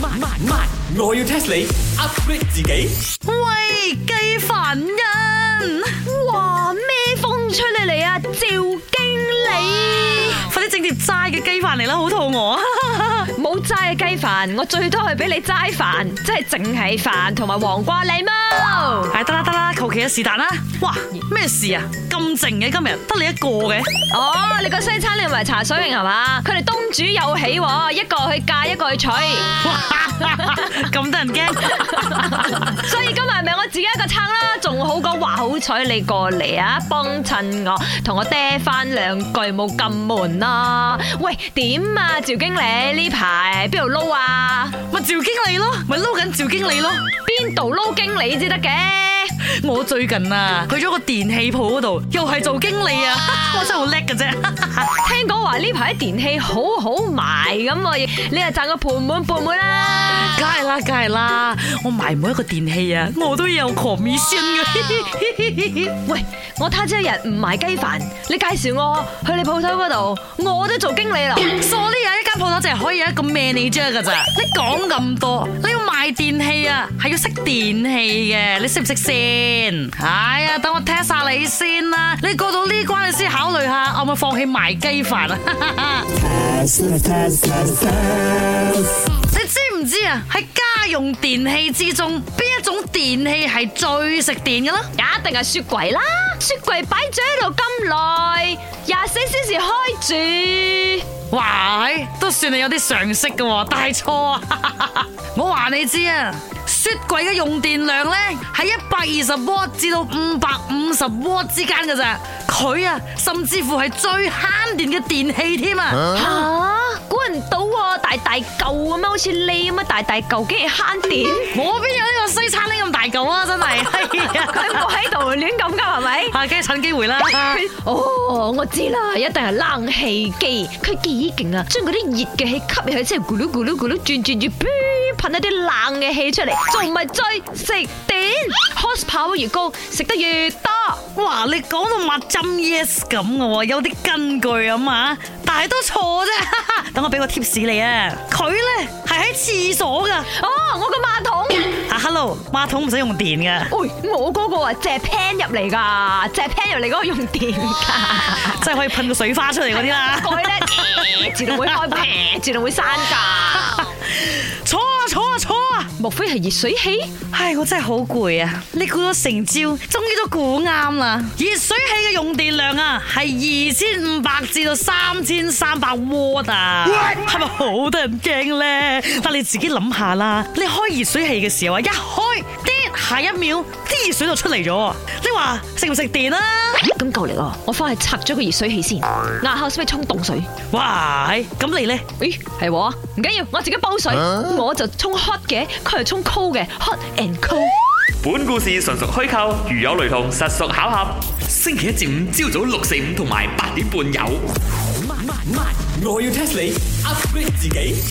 慢慢我要 test 你 upgrade 自己。喂，雞飯人，話咩風吹你嚟啊？趙經理，快啲整碟齋嘅雞飯嚟啦，好肚餓啊！冇齋嘅雞飯，我最多係俾你齋飯，即係淨係飯同埋黃瓜檸檬。Wow. 是但啦，哇咩事啊？咁靜嘅今日，得你一個嘅。哦，你個西餐你唔係茶水型係嘛？佢哋東主有喜，一個去嫁，一個去娶。咁多人驚， 所以今日係咪我自己一個撐啦，仲好講話好彩你過嚟啊，幫襯我，同我爹翻兩句冇咁悶啦。喂，點啊，趙經理呢排邊度撈啊？咪趙經理咯，咪撈緊趙經理咯，邊度撈經理先得嘅？我最近啊，去咗個電器鋪嗰度，又係做經理啊， 我真係好叻㗎啫。聽講話呢排電器好好賣咁，我你又賺個盤滿盤滿啦，梗係啦，梗係啦，我賣每一個電器啊，我都有 commission 嘅。喂，我攤咗一日唔賣雞飯，你介紹我去你鋪頭嗰度，我都做經理啦。 即係可以有一個咩你啫噶咋？你講咁多，你要賣電器啊，係要識電器嘅，你識唔識先？係、哎、呀，等我 test 晒你先啦。你過到呢關，你先考慮下，我咪放棄賣雞飯啊！ 你知唔知啊？喺家用電器之中，邊一種電器係最食電嘅咧？一定係雪櫃啦。雪櫃擺咗喺度咁耐，廿四小時開住，喂，都算你有啲常識噶喎，大錯啊！ 我話你知啊，雪櫃嘅用電量咧，喺一百二十瓦至到五百五十瓦之間噶咋，佢啊，甚至乎係最慳電嘅電器添啊！啊 舊啊嘛，好似你咁啊大大舊，竟然慳電？我邊有呢個西餐廳咁大舊啊！真係，佢冇喺度亂咁噶係咪？啊，梗係趁機會啦！哦，我知啦，一定係冷氣機，佢幾勁啊！將嗰啲熱嘅氣吸入去之後，咕嚕咕嚕咕嚕轉轉住，噴一啲冷嘅氣出嚟，仲咪追食電？跑得越高，食得越多。哇！你講到物盡 yes 咁嘅喎，有啲根據啊嘛～大都錯啫，等 我俾個 tips 你啊。佢咧係喺廁所噶，哦，oh, 我個馬桶啊、ah，hello，馬桶唔使用，用電噶。喂，我嗰個啊，隻 pan 入嚟噶，隻 pan 入嚟嗰個用電噶，即 係 可以噴水花出嚟嗰啲啦。佢咧， 自動會開平，自動會閂噶。坐啊坐啊坐啊！坐啊坐啊莫非係熱水器？唉，我真係好攰啊！你估咗成朝，終於都估啱啦！熱水器嘅用電量啊，係二千五百至到三千三百瓦特，係咪好多人驚咧？ 但你自己諗下啦，你開熱水器嘅時候啊，一開啲，下一秒啲熱水就出嚟咗。啊、懂懂話食唔食電啦？咁夠、啊、力哦！我翻去拆咗個熱水器先。牙口可咪可以沖凍水？喂，咁你咧？誒、哎，係喎、啊，唔緊要，我自己煲水，啊、我就沖 hot 嘅，佢係沖 cold 嘅，hot and cold。本故事純屬虛構，如有雷同，實屬巧合。星期一至五朝早六四五同埋八點半有。我要 test 你，upgrade 自己。